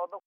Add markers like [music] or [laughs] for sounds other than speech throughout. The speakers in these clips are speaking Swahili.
for the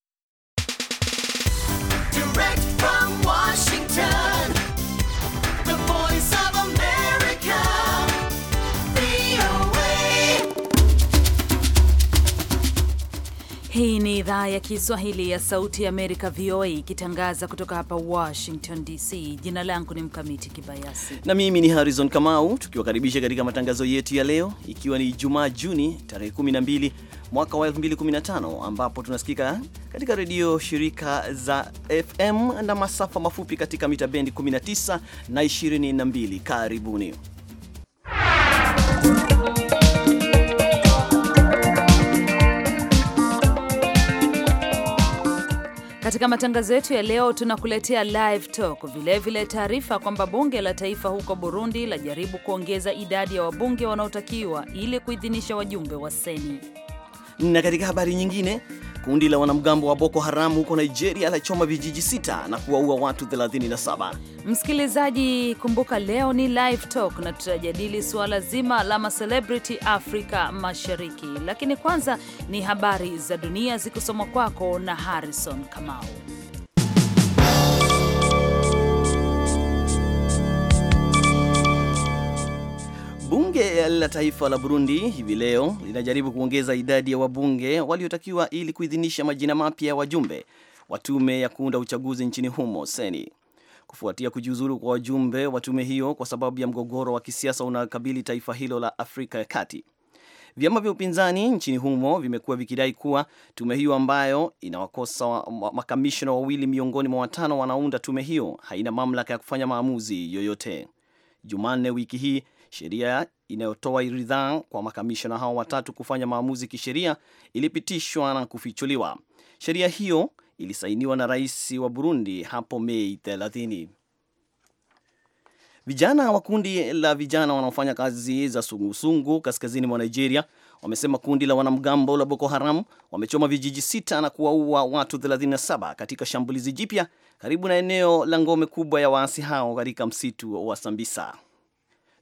idhaa ya Kiswahili ya Sauti ya Amerika, VOA, ikitangaza kutoka hapa Washington DC. Jina langu ni Mkamiti Kibayasi na mimi ni Harrison Kamau, tukiwakaribisha katika matangazo yetu ya leo, ikiwa ni jumaa Juni tarehe 12 mwaka wa 2015, ambapo tunasikika katika redio shirika za FM na masafa mafupi katika mita bendi 19 na 22. Karibuni Katika matangazo yetu ya leo tunakuletea live talk, vilevile taarifa kwamba bunge la taifa huko Burundi lajaribu kuongeza idadi ya wabunge wanaotakiwa ili kuidhinisha wajumbe wa Seni. Na katika habari nyingine, kundi la wanamgambo wa Boko Haram huko Nigeria lachoma vijiji sita na kuwaua watu 37. Msikilizaji, kumbuka leo ni live talk na tutajadili suala zima la macelebrity Afrika Mashariki, lakini kwanza ni habari za dunia zikisomwa kwako na Harrison Kamau. Bunge la Taifa la Burundi hivi leo linajaribu kuongeza idadi ya wabunge waliotakiwa ili kuidhinisha majina mapya ya wajumbe wa tume ya kuunda uchaguzi nchini humo seni kufuatia kujiuzulu kwa wajumbe wa tume hiyo kwa sababu ya mgogoro wa kisiasa unaokabili taifa hilo la Afrika ya Kati. Vyama vya upinzani nchini humo vimekuwa vikidai kuwa tume hiyo ambayo inawakosa makamishna wawili miongoni mwa watano wanaunda tume hiyo haina mamlaka ya kufanya maamuzi yoyote. Jumanne wiki hii sheria inayotoa ridhaa kwa makamishona hao watatu kufanya maamuzi kisheria ilipitishwa na kufichuliwa. Sheria hiyo ilisainiwa na rais wa Burundi hapo Mei 30. Vijana wa kundi la vijana wanaofanya kazi za sungusungu kaskazini mwa Nigeria wamesema kundi la wanamgambo la Boko Haram wamechoma vijiji sita na kuwaua watu 37 katika shambulizi jipya karibu na eneo la ngome kubwa ya waasi hao katika msitu wa Sambisa.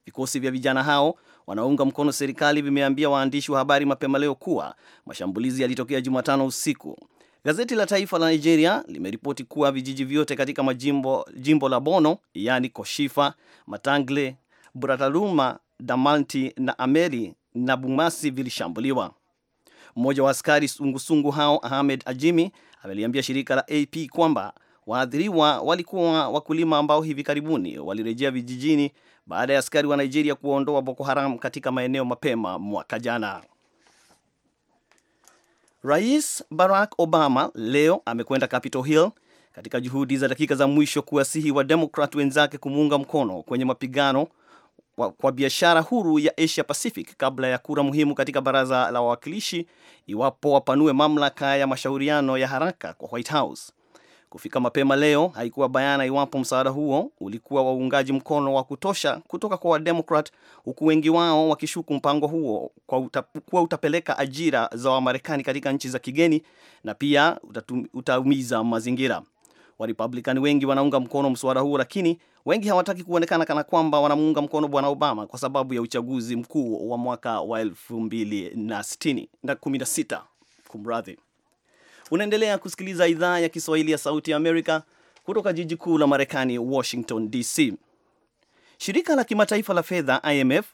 Vikosi vya vijana hao wanaounga mkono serikali vimeambia waandishi wa habari mapema leo kuwa mashambulizi yalitokea Jumatano usiku. Gazeti la taifa la Nigeria limeripoti kuwa vijiji vyote katika majimbo, jimbo la Bono yaani Koshifa, Matangle, brataruma Damalti na Ameri na Bumasi vilishambuliwa. Mmoja wa askari sungusungu hao Ahmed Ajimi ameliambia shirika la AP kwamba waathiriwa walikuwa wakulima ambao hivi karibuni walirejea vijijini baada ya askari wa Nigeria kuwaondoa Boko Haram katika maeneo mapema mwaka jana. Rais Barack Obama leo amekwenda Capitol Hill katika juhudi za dakika za mwisho kuwasihi wa Demokrat wenzake kumuunga mkono kwenye mapigano kwa, kwa biashara huru ya Asia Pacific kabla ya kura muhimu katika baraza la wawakilishi iwapo wapanue mamlaka ya mashauriano ya haraka kwa White House. Kufika mapema leo haikuwa bayana iwapo msaada huo ulikuwa wa uungaji mkono wa kutosha kutoka kwa Wademokrat, huku wengi wao wakishuku mpango huo kwa uta, kuwa utapeleka ajira za Wamarekani katika nchi za kigeni na pia utaumiza mazingira. Warepublican wengi wanaunga mkono mswada huo, lakini wengi hawataki kuonekana kana kwamba wanamuunga mkono bwana Obama kwa sababu ya uchaguzi mkuu wa mwaka wa 2016. Kumradhi, unaendelea kusikiliza idhaa ya Kiswahili ya Sauti ya Amerika kutoka jiji kuu la Marekani, Washington DC. Shirika la kimataifa la fedha IMF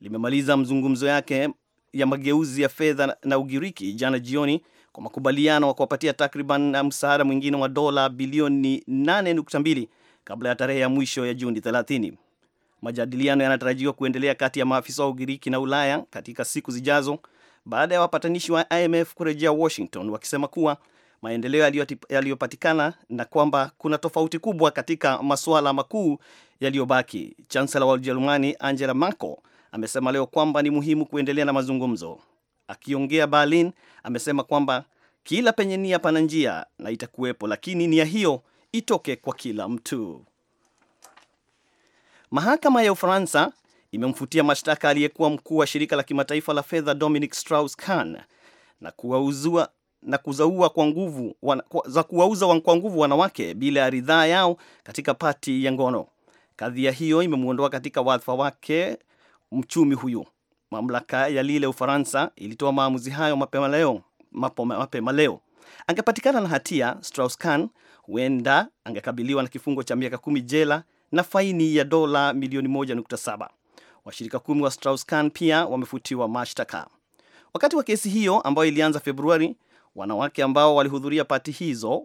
limemaliza mzungumzo yake ya mageuzi ya fedha na Ugiriki jana jioni kwa makubaliano wa kuwapatia takriban uh, msaada mwingine wa dola bilioni 8.2 kabla ya tarehe ya mwisho ya Juni 30. Majadiliano yanatarajiwa kuendelea kati ya maafisa wa Ugiriki na Ulaya katika siku zijazo baada ya wapatanishi wa IMF kurejea Washington wakisema kuwa maendeleo yaliyopatikana na kwamba kuna tofauti kubwa katika masuala makuu yaliyobaki. Chancellor wa Ujerumani Angela Merkel amesema leo kwamba ni muhimu kuendelea na mazungumzo. Akiongea Berlin, amesema kwamba kila penye nia pana njia na itakuwepo, lakini nia hiyo itoke kwa kila mtu. Mahakama ya Ufaransa imemfutia mashtaka aliyekuwa mkuu wa shirika la kimataifa la fedha Dominic Strauss-Kahn na kuwauzua na kuzaua kwa nguvu za kuwauza kwa nguvu wanawake bila ya ridhaa yao katika pati ya ngono. Kadhia hiyo imemwondoa katika wadhifa wake mchumi huyu. Mamlaka ya lile Ufaransa ilitoa maamuzi hayo mapema leo mapema leo. Angepatikana na hatia, Strauss-Kahn huenda angekabiliwa na kifungo cha miaka kumi jela na faini ya dola milioni 1.7. Washirika kumi wa Strauss-Kahn pia wamefutiwa mashtaka. Wakati wa kesi hiyo ambayo ilianza Februari, wanawake ambao walihudhuria pati hizo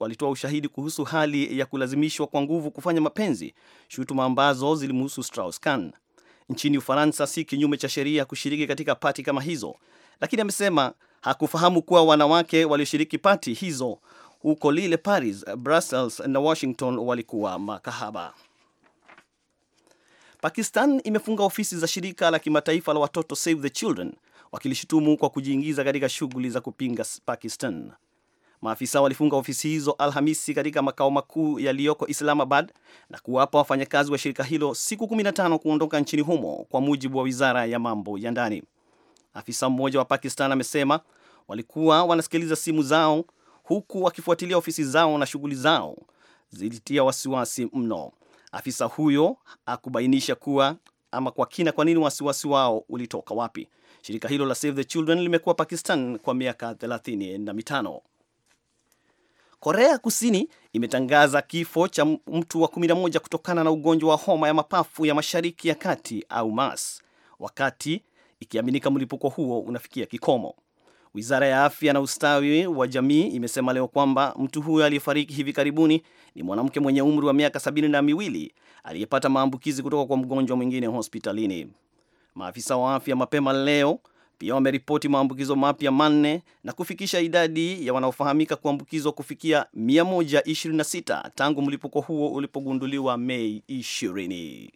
walitoa ushahidi kuhusu hali ya kulazimishwa kwa nguvu kufanya mapenzi, shutuma ambazo zilimhusu Strauss-Kahn. Nchini Ufaransa si kinyume cha sheria kushiriki katika pati kama hizo, lakini amesema hakufahamu kuwa wanawake walioshiriki pati hizo huko Lille, Paris, Brussels na Washington walikuwa makahaba. Pakistan imefunga ofisi za shirika la kimataifa la watoto Save the Children wakilishutumu kwa kujiingiza katika shughuli za kupinga Pakistan. Maafisa walifunga ofisi hizo Alhamisi katika makao makuu yaliyoko Islamabad na kuwapa wafanyakazi wa shirika hilo siku 15 kuondoka nchini humo, kwa mujibu wa wizara ya mambo ya ndani. Afisa mmoja wa Pakistan amesema walikuwa wanasikiliza simu zao huku wakifuatilia ofisi zao na shughuli zao zilitia wasiwasi mno. Afisa huyo akubainisha kuwa ama kwa kina kwa nini wasiwasi wao ulitoka wapi. Shirika hilo la Save the Children limekuwa Pakistan kwa miaka 35. Korea Kusini imetangaza kifo cha mtu wa 11 kutokana na ugonjwa wa homa ya mapafu ya mashariki ya kati au MAS, wakati ikiaminika mlipuko huo unafikia kikomo. Wizara ya afya na ustawi wa jamii imesema leo kwamba mtu huyo aliyefariki hivi karibuni ni mwanamke mwenye umri wa miaka sabini na miwili aliyepata maambukizi kutoka kwa mgonjwa mwingine hospitalini. Maafisa wa afya mapema leo pia wameripoti maambukizo mapya manne na kufikisha idadi ya wanaofahamika kuambukizwa kufikia 126 tangu mlipuko huo ulipogunduliwa Mei 20.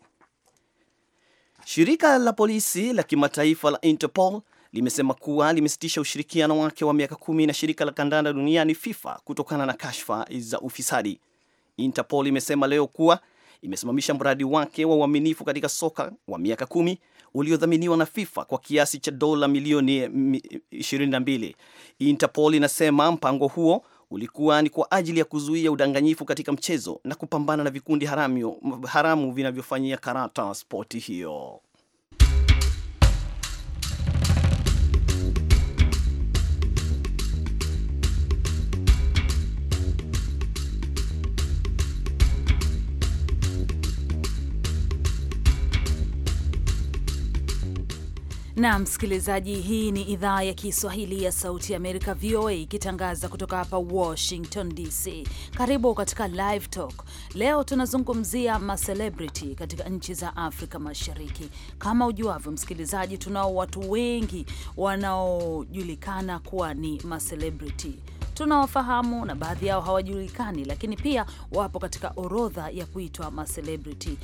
Shirika la polisi la kimataifa la Interpol limesema kuwa limesitisha ushirikiano wake wa miaka kumi na shirika la kandanda duniani FIFA kutokana na kashfa za ufisadi. Interpol imesema leo kuwa imesimamisha mradi wake wa uaminifu katika soka wa miaka kumi uliodhaminiwa na FIFA kwa kiasi cha dola milioni 22. Interpol inasema mpango huo ulikuwa ni kwa ajili ya kuzuia udanganyifu katika mchezo na kupambana na vikundi haramu, haramu vinavyofanyia karata spoti hiyo. Na msikilizaji, hii ni idhaa ya Kiswahili ya Sauti ya Amerika, VOA, ikitangaza kutoka hapa Washington DC. Karibu katika Live Talk. Leo tunazungumzia macelebrity katika nchi za Afrika Mashariki. Kama ujuavyo, msikilizaji, tunao watu wengi wanaojulikana kuwa ni macelebrity tunawafahamu na baadhi yao hawajulikani, lakini pia wapo katika orodha ya kuitwa macelebrity.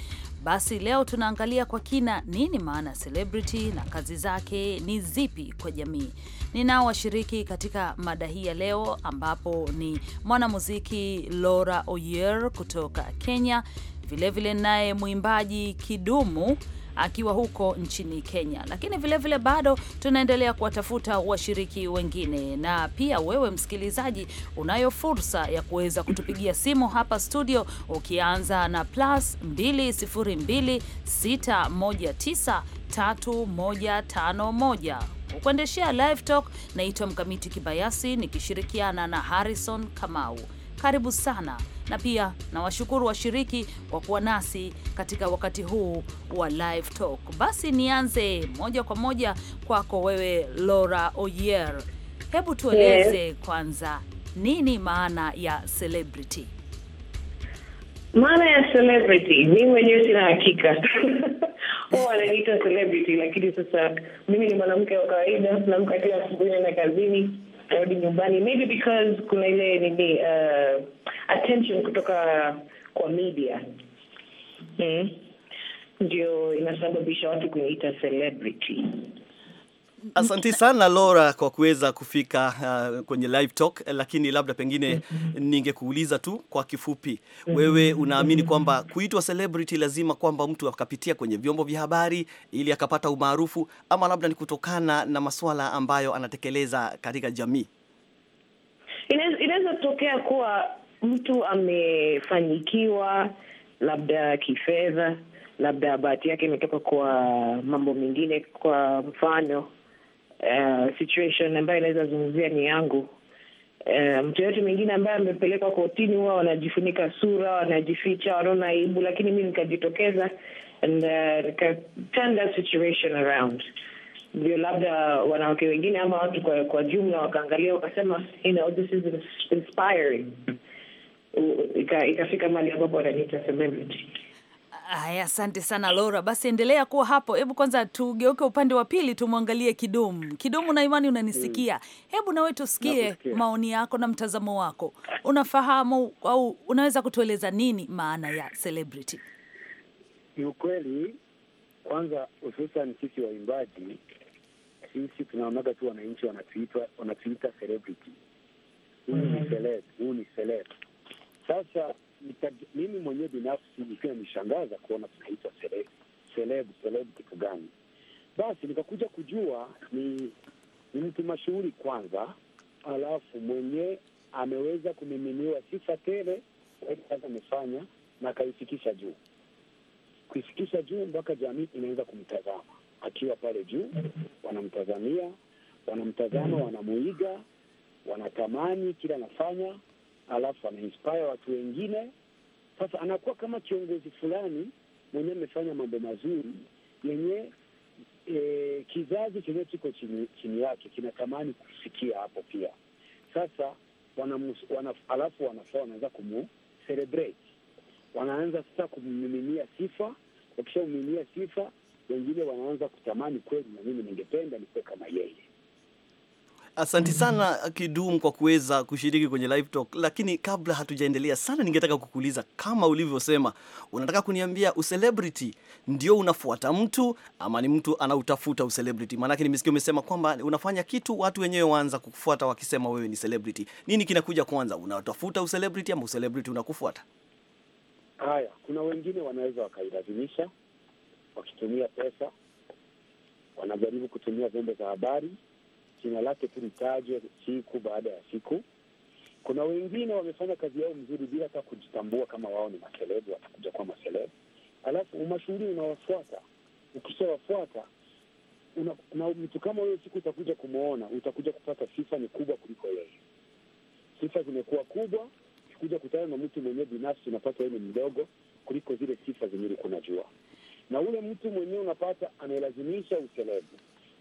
Basi leo tunaangalia kwa kina nini maana ya celebrity na kazi zake ni zipi kwa jamii. Ninao washiriki katika mada hii ya leo, ambapo ni mwanamuziki Laura Oyer kutoka Kenya, vilevile naye mwimbaji Kidumu akiwa huko nchini Kenya. Lakini vilevile vile bado tunaendelea kuwatafuta washiriki wengine, na pia wewe msikilizaji, unayo fursa ya kuweza kutupigia simu hapa studio, ukianza na plus 2026193151 kukuendeshea live talk. Naitwa Mkamiti Kibayasi nikishirikiana na Harrison Kamau karibu sana, na pia nawashukuru washiriki kwa kuwa nasi katika wakati huu wa live talk. Basi nianze moja kwa moja kwako wewe Laura Oyer, hebu tueleze yes, kwanza nini maana ya celebrity? Maana ya celebrity, mimi mwenyewe sina hakika [laughs] wananiita celebrity, lakini sasa mimi ni mwanamke wa kawaida, namkatia asubuhi na kazini karudi nyumbani, maybe because kuna ile nini, uh, attention kutoka kwa media mm, ndio inasababisha watu kuniita celebrity. Asante sana Laura kwa kuweza kufika uh, kwenye live talk, lakini labda pengine ningekuuliza tu kwa kifupi, wewe unaamini kwamba kuitwa celebrity lazima kwamba mtu akapitia kwenye vyombo vya habari ili akapata umaarufu, ama labda ni kutokana na masuala ambayo anatekeleza katika jamii? Inaweza kuwa mtu amefanyikiwa labda kifedha, labda bahati yake imetoka kwa mambo mengine, kwa mfano Eh, situation ambayo inaweza zungumzia ni yangu. Eh, mtu yoyote mwingine ambaye amepelekwa kotini huwa wanajifunika sura, wanajificha, wanaona aibu, lakini mi nikajitokeza and turn eh, that situation around. Ndio labda wanawake wengine ama watu kwa, kwa jumla wakaangalia wakasema, you know, this is inspiring. Ikafika mali ambapo wananiita ay asante sana Laura, basi endelea kuwa hapo. Hebu kwanza tugeuke upande wa pili, tumwangalie Kidumu. Kidumu na Imani, unanisikia? Mm. Hebu nawe tusikie maoni yako na mtazamo wako. Unafahamu au unaweza kutueleza nini maana ya celebrity? Ni ukweli kwanza, hususan sisi waimbaji, sisi tunaonaga tu wananchi wanatuita wanatuita celebrity, huyu ni mm. celeb, huyu ni celeb. Sasa mimi mwenyewe binafsi nikiwa nishangaza kuona tunaitwa selebu selebu kitu gani? Basi nikakuja kujua ni ni mtu mashuhuri kwanza, alafu mwenye ameweza kumiminiwa sifa tele kazi amefanya na akaifikisha juu, kuifikisha juu mpaka jamii inaweza kumtazama akiwa pale juu, wanamtazamia, wanamtazama, wanamuiga, wanatamani kila anafanya alafu anainspire watu wengine. Sasa anakuwa kama kiongozi fulani mwenyewe amefanya mambo mazuri yenye e, kizazi chenyewe kiko chini, chini yake kinatamani kusikia hapo pia. Sasa wanamus, wanaf, alafu wanafaa wanaweza kumu celebrate, wanaanza sasa kumiminia sifa. Wakishamiminia sifa, wengine wanaanza kutamani kweli, na mimi ningependa nikuwe kama yeye. Asanti sana Kidum kwa kuweza kushiriki kwenye live talk, lakini kabla hatujaendelea sana, ningetaka kukuuliza kama ulivyosema, unataka kuniambia ucelebrity ndio unafuata mtu ama ni mtu anautafuta ucelebrity? Maanake nimesikia umesema kwamba unafanya kitu watu wenyewe waanza kukufuata wakisema wewe ni celebrity. Nini kinakuja kwanza, unatafuta ucelebrity ama ucelebrity unakufuata? Haya, kuna wengine wanaweza wakailazimisha wakitumia pesa, wanajaribu kutumia vyombo vya habari jina lake tu litajwe siku baada ya siku. Kuna wengine wamefanya kazi yao mzuri bila hata kujitambua kama wao ni maselebu, watakuja kuwa maselebu, alafu umashuhuri unawafuata. Ukishawafuata una, na mtu kama huyo siku utakuja kumwona, utakuja kupata sifa ni kubwa kuliko yeye. Sifa zimekuwa kubwa, ukikuja kutana na mtu mwenyewe binafsi unapata ni mdogo kuliko zile sifa zenye ulikuwa unajua, na ule mtu mwenyewe unapata anayelazimisha uselebu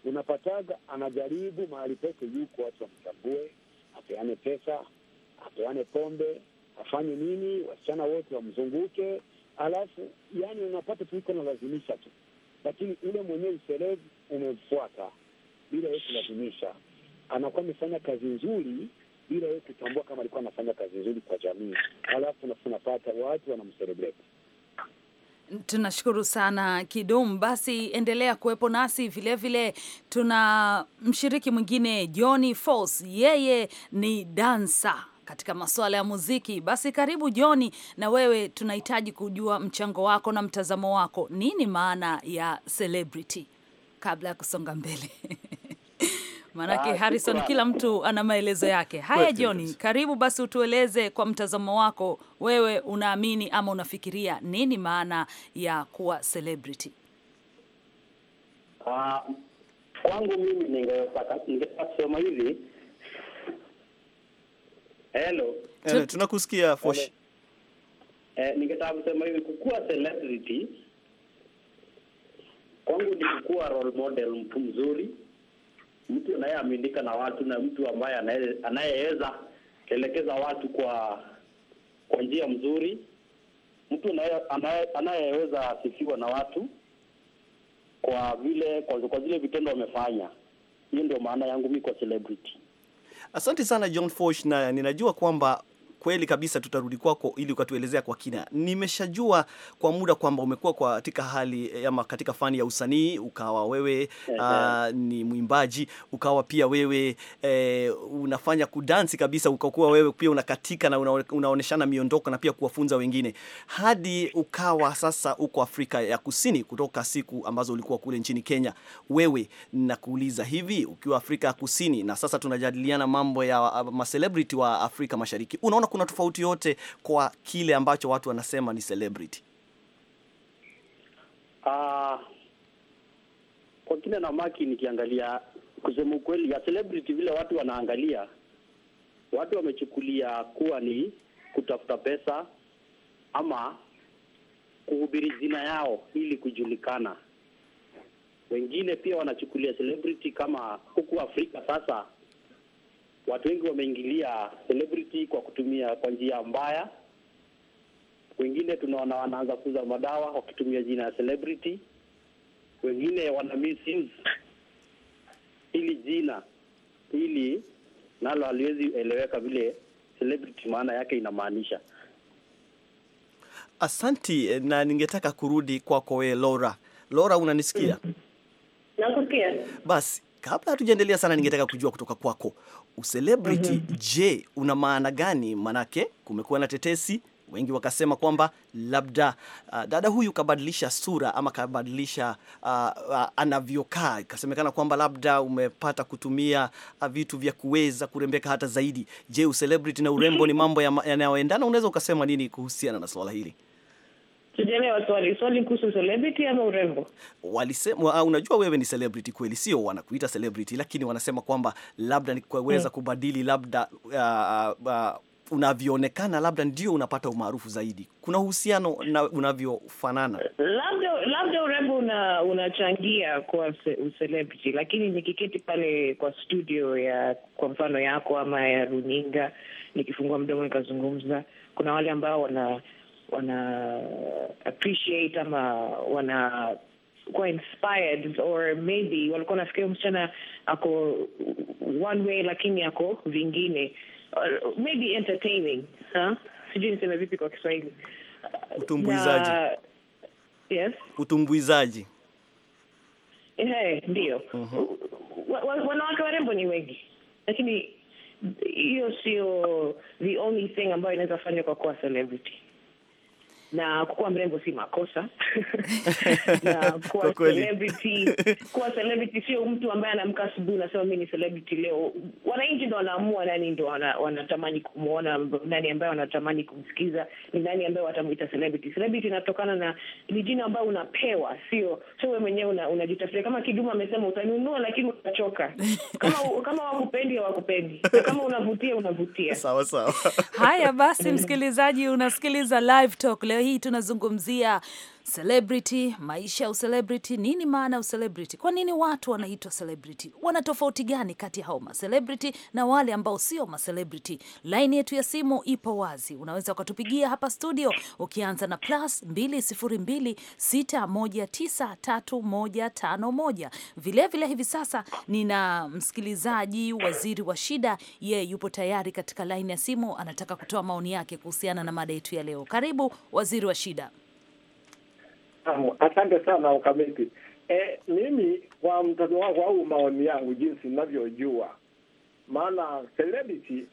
unapataga anajaribu mahali pote yuko, watu wamchambue, apeane pesa, apeane pombe, afanye nini, wasichana wote wamzunguke, alafu yani unapata tu iko nalazimisha tu, lakini ule mwenyewe userevu umemfuata bila ye kulazimisha. Anakuwa amefanya kazi nzuri bila ye kutambua kama alikuwa anafanya kazi nzuri kwa jamii, alafu unapata watu wanamserebreti. Tunashukuru sana Kidum. Basi endelea kuwepo nasi vilevile. Tuna mshiriki mwingine Johnny Force, yeye ni dansa katika masuala ya muziki. Basi karibu johni na wewe tunahitaji kujua mchango wako na mtazamo wako, nini maana ya celebrity, kabla ya kusonga mbele [laughs] maanake ah, Harrison, kila mtu ana maelezo yake. Haya Joni, karibu basi, utueleze kwa mtazamo wako, wewe unaamini ama unafikiria nini maana ya kuwa celebrity? Uh, kwangu mimi ningetaka kusema hivi. Hello, hello, tunakusikia Fosh. Eh, ningetaka kusema hivi kukuwa celebrity kwangu ni kukuwa role model mtu mzuri mtu anayeaminika na watu na mtu ambaye anayeweza kuelekeza watu kwa kwa njia mzuri, mtu anayeweza sifiwa na watu kwa vile kwa, kwa zile vitendo wamefanya. Hiyo ndio maana yangu mimi kwa celebrity. Asante sana John forsh na ninajua kwamba kweli kabisa tutarudi kwako ili ukatuelezea kwa kina. Nimeshajua kwa muda kwamba umekuwa kwa katika hali eh, ama katika fani ya usanii, ukawa wewe uh, ni mwimbaji, ukawa pia wewe uh, unafanya kudansi kabisa, ukakuwa wewe pia unakatika na unaoneshana miondoko na pia kuwafunza wengine hadi ukawa sasa uko Afrika ya Kusini kutoka siku ambazo ulikuwa kule nchini Kenya. Wewe nakuuliza hivi, ukiwa Afrika ya Kusini na sasa tunajadiliana mambo ya ah, ma celebrity wa Afrika Mashariki, unaona hakuna tofauti yote kwa kile ambacho watu wanasema ni celebrity? Uh, kwa kina na maki nikiangalia, kusema ukweli ya celebrity vile watu wanaangalia, watu wamechukulia kuwa ni kutafuta pesa ama kuhubiri zina yao ili kujulikana. Wengine pia wanachukulia celebrity kama huku Afrika sasa watu wengi wameingilia celebrity kwa kutumia kwa njia mbaya. Wengine tunaona wanaanza kuuza madawa wakitumia jina ya celebrity, wengine wana misuse hili jina hili nalo haliwezi eleweka vile celebrity maana yake inamaanisha. Asanti, eh, na ningetaka kurudi kwako wewe Laura. Laura, unanisikia? Nakusikia. Basi kabla hatujaendelea sana, ningetaka kujua kutoka kwako ucelebrity mm -hmm. Je, una maana gani? Manake kumekuwa na tetesi wengi wakasema kwamba labda uh, dada huyu kabadilisha sura ama kabadilisha uh, uh, anavyokaa. Ikasemekana kwamba labda umepata kutumia uh, vitu vya kuweza kurembeka hata zaidi. Je, ucelebrity na urembo ni [laughs] mambo yanayoendana? Unaweza ukasema nini kuhusiana na swala hili? Sijaelewa swali. Swali kuhusu celebrity ama urembo? Walisema, ah, unajua wewe ni celebrity kweli, sio wanakuita celebrity, lakini wanasema kwamba labda ni kuweza mm. kubadili labda uh, uh, unavyoonekana labda ndio unapata umaarufu zaidi. Kuna uhusiano na unavyofanana, labda labda urembo una, unachangia kwa celebrity, lakini nikiketi pale kwa studio ya kwa mfano yako ama ya runinga, nikifungua mdomo nikazungumza, kuna wale ambao wana wana appreciate ama wana kuwa inspired or maybe walikuwa nafikiria msichana ako one way lakini ako vingine uh, maybe entertaining huh? sijui niseme vipi kwa Kiswahili uh, utumbuizaji yes utumbuizaji ndio uh mhm. -huh. wanawake warembo ni wengi lakini hiyo sio the only thing ambayo inaweza fanywa kwa kuwa celebrity na kukuwa mrembo si makosa [laughs] na kuwa celebrity, kuwa celebrity sio mtu ambaye anamka asubuhi unasema mi ni celebrity leo. Wananchi ndo wanaamua nani ndo wanatamani kumwona, nani ambaye wanatamani kumsikiza, ni nani ambaye watamwita celebrity. Celebrity inatokana na ni jina ambayo unapewa, sio sio wewe mwenyewe unajitafutia. una, Kama Kiduma amesema utanunua, lakini utachoka kama kama wakupendi hawakupendi, kama unavutia unavutia. Sawa sawa. Haya basi, msikilizaji unasikiliza Live Talk leo hii tunazungumzia celebrity, maisha ya ucelebrity. Nini maana ya ucelebrity? Kwa nini watu wanaitwa celebrity? Wana tofauti gani kati ya hao macelebrity na wale ambao sio macelebrity? Laini yetu ya simu ipo wazi, unaweza ukatupigia hapa studio ukianza na plus 2026193151. Vilevile hivi sasa nina msikilizaji waziri wa shida, ye yupo tayari katika laini ya simu, anataka kutoa maoni yake kuhusiana na mada yetu ya leo. Karibu waziri wa shida. Asante sana ukamiti. E, mimi kwa mtazamo wangu au maoni yangu, jinsi ninavyojua, maana celebrity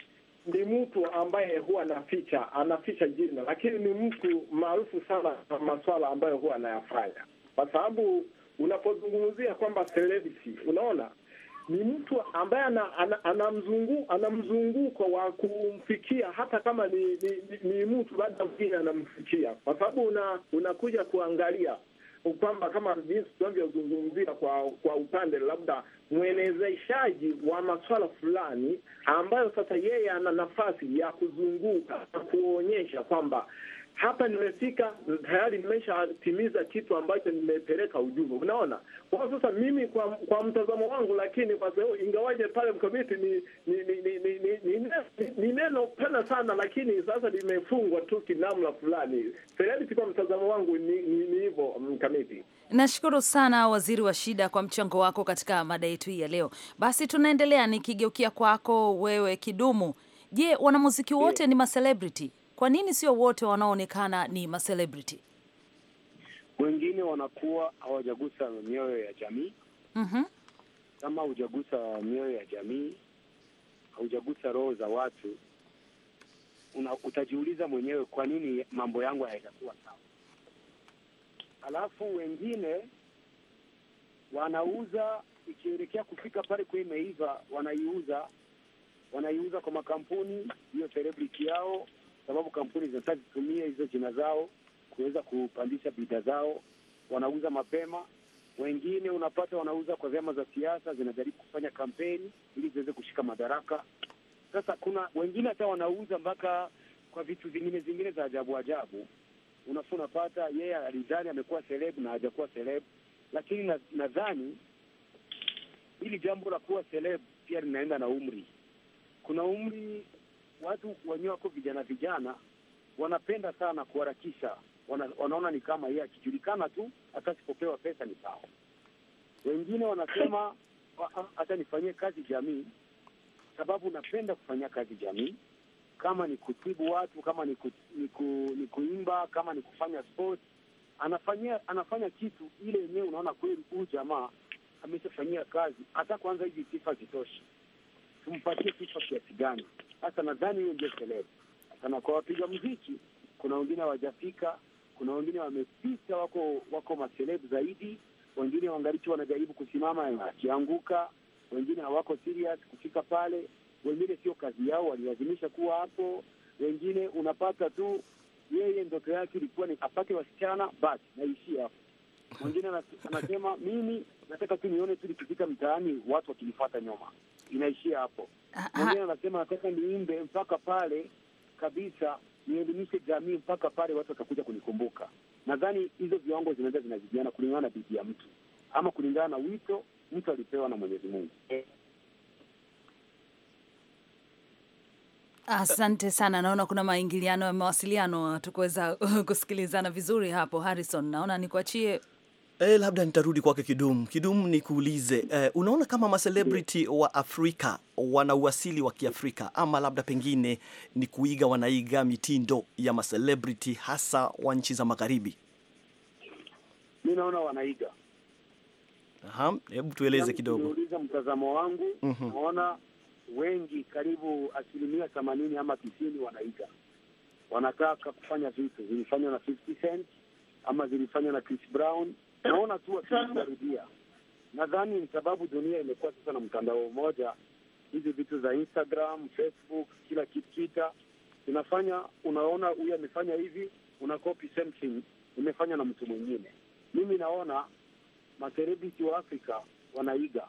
ni mtu ambaye huwa anaficha anaficha jina, lakini ni mtu maarufu sana kwa maswala ambayo huwa anayafanya, kwa sababu unapozungumzia kwamba celebrity, unaona ni mtu ambaye anamzunguko ana, ana mzunguko wa kumfikia hata kama ni, ni, ni, ni mtu labda mwingine anamfikia, kwa sababu una, unakuja kuangalia kwamba kama jinsi tunavyozungumzia kwa kwa upande labda mwenezeshaji wa maswala fulani ambayo sasa yeye ana nafasi ya kuzunguka na kuonyesha kwamba hapa nimefika tayari, nimeshatimiza kitu ambacho nimepeleka ujumbe. Unaona, kwa sasa mimi kwa, kwa mtazamo wangu, lakini kwa sababu ingawaje pale mkomiti ni ni ni, ni, ni, ni, ni, ni neno pena sana, lakini sasa limefungwa tu kinamla fulani tayari. Kwa mtazamo wangu ni hivyo mkamiti. Nashukuru sana waziri wa shida kwa mchango wako katika mada yetu hii ya leo. Basi tunaendelea nikigeukia kwako wewe Kidumu. Je, wanamuziki wote ni macelebrity kwa nini sio wote wanaoonekana ni macelebrity? Wengine wanakuwa hawajagusa mioyo ya jamii. Mm-hmm. Kama hujagusa mioyo ya jamii, haujagusa roho za watu, una, utajiuliza mwenyewe kwa nini mambo yangu hayajakuwa sawa. Alafu wengine wanauza ikielekea kufika pale kwa imeiva, wanaiuza wanaiuza kwa makampuni hiyo celebrity yao sababu kampuni zinataka kutumia hizo jina zao kuweza kupandisha bidhaa zao. Wanauza mapema, wengine unapata wanauza kwa vyama za siasa, zinajaribu kufanya kampeni ili ziweze kushika madaraka. Sasa kuna wengine hata wanauza mpaka kwa vitu vingine zingine za ajabu ajabu. Unafu unapata yeye yeah, alidhani amekuwa selebu na hajakuwa selebu, lakini nadhani hili jambo la kuwa selebu pia linaenda na umri. Kuna umri watu wenyewe wako vijana vijana wanapenda sana kuharakisha, wana, wanaona ni kama yeye akijulikana tu hata pesa ni sawa. Wengine wanasema ah, ah, hata nifanyie kazi jamii, sababu napenda kufanyia kazi jamii, kama ni kutibu watu, kama ni, ku, ni, ku, ni kuimba, kama ni kufanya sport, Anafanya, anafanya kitu ile yenyewe, unaona kweli huyu jamaa ameshafanyia kazi. Hata kwanza hizi sifa zitoshi, tumpatie sifa kiasi gani? Sasa nadhani hiyo ndio kelele sana kwa wapiga mziki. Kuna wengine hawajafika, kuna wengine wamepita, wako wako maselebu zaidi, wengine wangalichi wanajaribu kusimama, akianguka, wengine hawako serious kufika pale, wengine sio kazi yao, walilazimisha kuwa hapo, wengine unapata tu yeye ndoto yake ilikuwa ni apate wasichana, basi naishia hapo. Mwingine anasema mimi nataka tu nione tu nikifika mtaani watu wakinifuata nyuma, inaishia hapo. Ah, ah. Mwingine anasema nataka niimbe mpaka pale kabisa, nielimishe jamii mpaka pale watu watakuja kunikumbuka. Nadhani hizo viwango zinaweza zinazidiana kulingana na bidii ya mtu ama kulingana na wito mtu alipewa na Mwenyezi Mungu. Asante sana. Naona kuna maingiliano ya mawasiliano, tukuweza [laughs] kusikilizana vizuri hapo. Harrison, naona nikuachie Eh, labda nitarudi kwake Kidum. Kidum, kuulize eh, unaona kama macelebrity wa Afrika wana uasili wa Kiafrika ama labda pengine ni kuiga, wanaiga mitindo ya macelebrity hasa wa nchi za magharibi? Mi naona wanaiga. Aha, hebu tueleze kidogo. Niuliza mtazamo wangu, mhm. naona wengi karibu asilimia themanini ama tisini wanaiga, wanataka kufanya vitu zilifanywa na 50 Cent ama zilifanywa na Chris Brown naona tu akiarudia. Nadhani ni sababu dunia imekuwa sasa na mtandao mmoja, hizi vitu za Instagram, Facebook, kila kitu, Twitter inafanya unaona, huyu amefanya hivi, una copy same thing imefanya na mtu mwingine. Mimi naona maserebiti wa Afrika wanaiga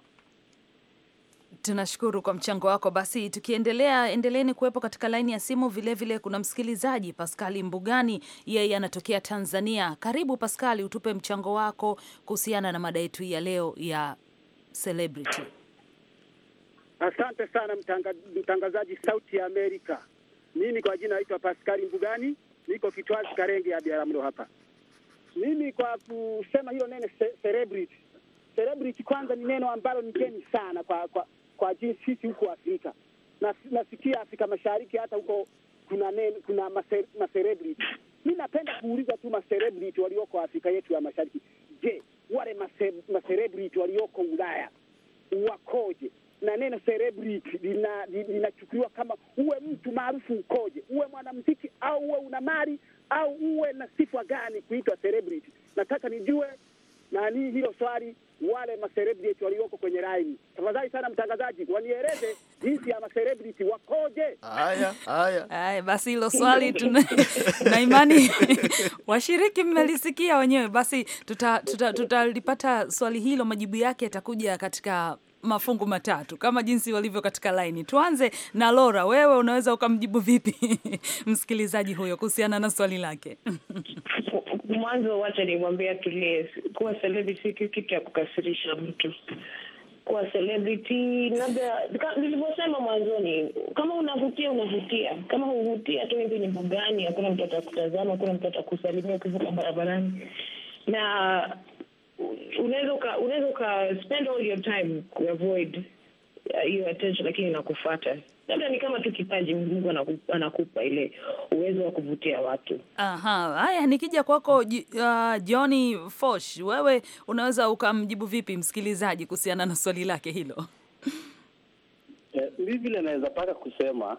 Tunashukuru kwa mchango wako. Basi tukiendelea, endeleeni kuwepo katika laini ya simu. Vilevile vile kuna msikilizaji Paskali Mbugani, yeye anatokea Tanzania. Karibu Paskali, utupe mchango wako kuhusiana na mada yetu ya leo ya celebrity. Asante sana mtanga, mtangazaji Sauti ya Amerika. Mimi kwa jina naitwa Paskali Mbugani, niko Kitwazi Karenge ya Biaramlo hapa. Mimi kwa kusema hilo neno celebrity, celebrity kwanza ni neno ambalo ni geni sana kwa, kwa kwa ajili sisi huko Afrika na, nasikia Afrika Mashariki hata huko kuna nene, kuna macelebrity. Mi napenda kuuliza tu macelebrity walioko Afrika yetu ya Mashariki, je, wale macelebrity walioko Ulaya wakoje? Na neno celebrity linachukuliwa kama uwe mtu maarufu ukoje, uwe mwanamuziki au uwe una mali au uwe na sifa gani kuitwa celebrity. Nataka nijue nani hilo swali wale macelebrity walioko kwenye line. Tafadhali sana mtangazaji, wanieleze jinsi ya macelebrity wakoje. Haya, haya, haya, basi hilo swali tuna [laughs] na imani [laughs] washiriki mmelisikia wenyewe. Basi tutalipata tuta, tuta, tuta swali hilo, majibu yake yatakuja katika mafungu matatu kama jinsi walivyo katika laini. Tuanze na Lora, wewe unaweza ukamjibu vipi [laughs] msikilizaji huyo kuhusiana na swali lake? [laughs] Mwanzo wacha nimwambie tulie, kuwa celebrity si kitu ya kukasirisha mtu kuwa celebrity labda nilivyosema mwanzoni, kama unavutia unavutia, kama huvutia tu hivi ni mbugani, hakuna mtu atakutazama, hakuna mtu atakusalimia ukivuka barabarani. Na unaweza uka spend all your time kuavoid uh, hiyo uh, attention, lakini inakufata labda ni kama tu kipaji Mungu anakupa, anakupa ile uwezo wa kuvutia watu. Aha, haya, nikija kwako uh, Johnny Fosh, wewe unaweza ukamjibu vipi msikilizaji kuhusiana na swali lake hilo? Eh, Mi vile naweza paka kusema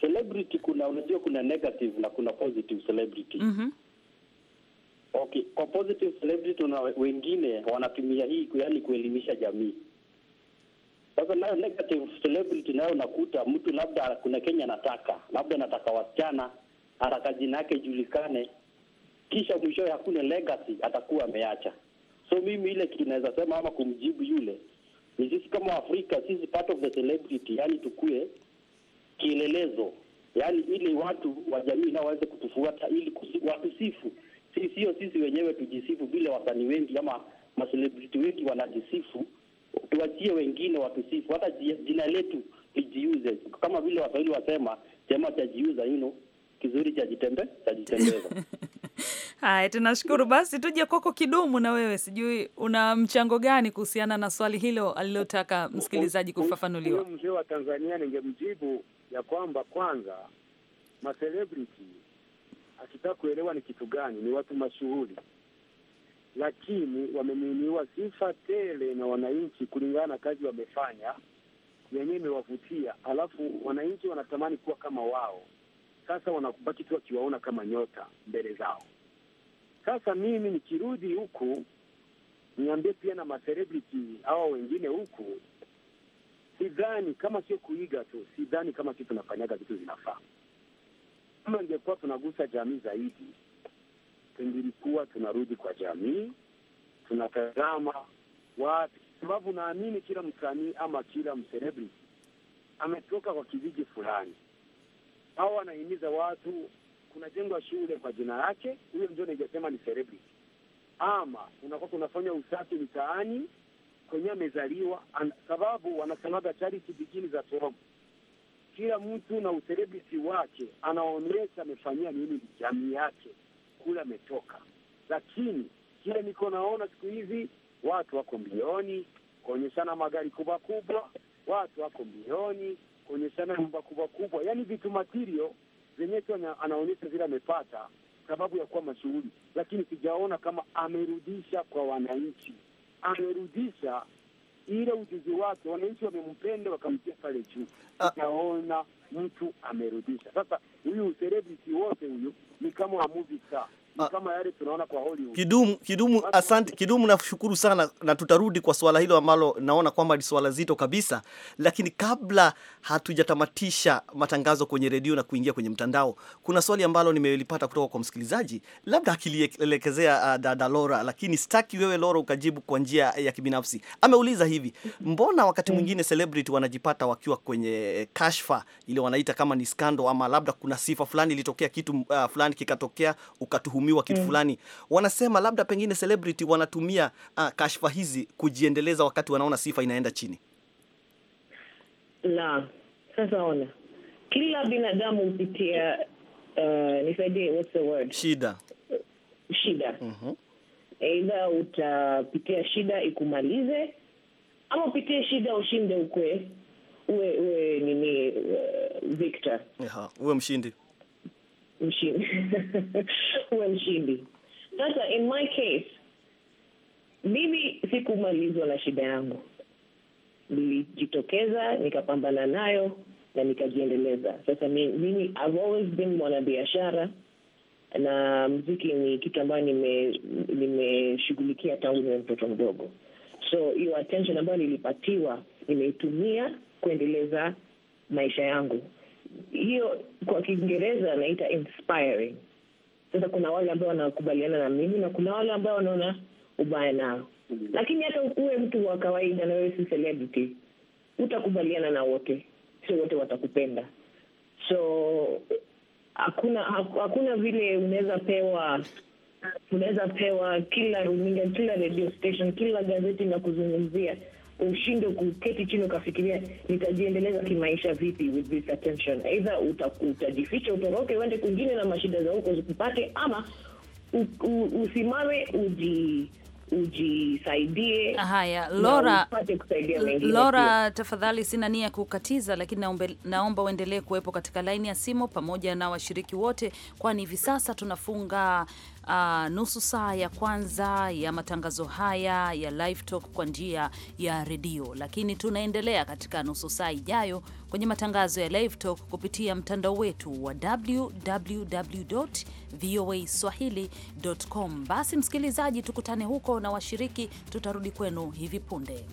celebrity, kuna unajua, kuna negative na kuna positive celebrity. mm -hmm. Okay, kwa positive celebrity na wengine wanatumia hii yaani kuelimisha jamii. Sasa nayo negative celebrity nayo nakuta mtu labda kuna Kenya anataka labda anataka wasichana ataka jina yake ijulikane, kisha mwisho hakuna legacy atakuwa ameacha. So mimi ile kitu naweza sema ama kumjibu yule ni sisi kama Afrika, sisi part of the celebrity, yani tukue kielelezo, yani ili watu wa jamii nao waweze kutufuata, ili watusifu sio sisi wenyewe tujisifu, bila wasanii wengi ama maselebriti wengi wanajisifu, tuachie wengine watusifu, hata jina letu lijiuze, kama vile waswahili wasema chema cha jiuza know, kizuri cha chajitembeza. [laughs] Haya, tunashukuru basi. Tuje kwako Kidumu, na wewe sijui una mchango gani kuhusiana na swali hilo alilotaka msikilizaji kufafanuliwa. Mzee wa Tanzania ningemjibu ya kwamba kwanza, macelebrity akitaka kuelewa ni kitu gani, ni watu mashuhuri, lakini wamemimiwa sifa tele na wananchi kulingana na kazi wamefanya yenyewe imewavutia, alafu wananchi wanatamani kuwa kama wao. Sasa wanakubaki tu wakiwaona kama nyota mbele zao. Sasa mimi nikirudi huku, niambie pia na macelebrity hawa wengine huku, sidhani kama sio kuiga tu, sidhani kama sio tunafanyaga vitu zinafaa. Kama ingekuwa tunagusa jamii zaidi, tungilikuwa tunarudi kwa jamii, tunatazama wapi, sababu naamini kila msanii ama kila mselebrity ametoka kwa kijiji fulani, au anahimiza watu, kunajengwa shule kwa jina yake huyo ndio ningesema ni celebrity. Ama unakuwa kunafanya usafi mitaani kwenye amezaliwa, sababu wanasemaga charity begins za home kila mtu na uselebisi wake, anaonyesha amefanyia nini jamii yake kule ametoka. Lakini kile niko naona siku hizi watu wako mbioni kuonyeshana magari kubwa kubwa, watu wako mbioni kuonyeshana nyumba kubwa kubwa, yaani vitu matirio zenyewe tu anaonyesha zile amepata sababu ya kuwa mashuhuri, lakini sijaona kama amerudisha kwa wananchi, amerudisha ile ujuzi wake, wananchi wamempenda, wakamtia pale juu, ah. utaona mtu amerudisha. Sasa huyu celebrity wote huyu ni kama movie star Ah. kama yale tunaona kwa Hollywood. Kidumu, Kidumu, asante Kidumu, nashukuru sana, na tutarudi kwa swala hilo ambalo naona kwamba ni swala zito kabisa, lakini kabla hatujatamatisha matangazo kwenye redio na kuingia kwenye mtandao, kuna swali ambalo nimelipata kutoka kwa msikilizaji, labda akilielekezea uh, dada Lora, lakini sitaki wewe Lora ukajibu kwa njia ya kibinafsi. Ameuliza hivi, mbona wakati mm. mwingine celebrity wanajipata wakiwa kwenye kashfa ile wanaita kama ni scandal, ama labda kuna sifa fulani ilitokea kitu uh, fulani kikatokea ukatuhu kutuhumiwa kitu mm. fulani Wanasema labda pengine celebrity wanatumia uh, kashfa hizi kujiendeleza wakati wanaona sifa inaenda chini. La, sasa ona, kila binadamu hupitia uh, nisaidie, what's the word, shida shida mm -hmm. Aidha utapitia shida ikumalize ama upitie shida ushinde, ukwe uwe uwe nini, uh, victor, uwe mshindi mshindi [laughs] uwe mshindi. Sasa in my case, mimi sikumalizwa na shida yangu, nilijitokeza nikapambana nayo na nikajiendeleza. Sasa mimi I've always been mwanabiashara na mziki ni kitu ambayo nimeshughulikia nime tangu niwe mtoto mdogo, so hiyo attention ambayo nilipatiwa nimeitumia kuendeleza maisha yangu hiyo kwa Kiingereza anaita inspiring. Sasa kuna wale ambao wanakubaliana na mimi na kuna wale ambao wanaona ubaya nao, lakini hata ukuwe mtu wa kawaida na wewe si celebrity, utakubaliana na wote, sio wote watakupenda. So hakuna hakuna vile unaweza pewa unaweza pewa kila runinga, kila radio station, kila gazeti na kuzungumzia ushinde kuketi chini ukafikiria nitajiendeleza kimaisha vipi with this attention. Either utajificha utoroke, uende kwingine na mashida za huko zikupate, ama u, u, usimame uji ujisaidie. Haya, Lora, Lora, tafadhali, sina nia ya kukatiza, lakini naomba uendelee kuwepo katika laini ya simu pamoja na washiriki wote, kwani hivi sasa tunafunga uh, nusu saa ya kwanza ya matangazo haya ya live talk kwa njia ya redio, lakini tunaendelea katika nusu saa ijayo kwenye matangazo ya live talk kupitia mtandao wetu wa www voa swahili.com. Basi msikilizaji, tukutane huko na washiriki, tutarudi kwenu hivi punde.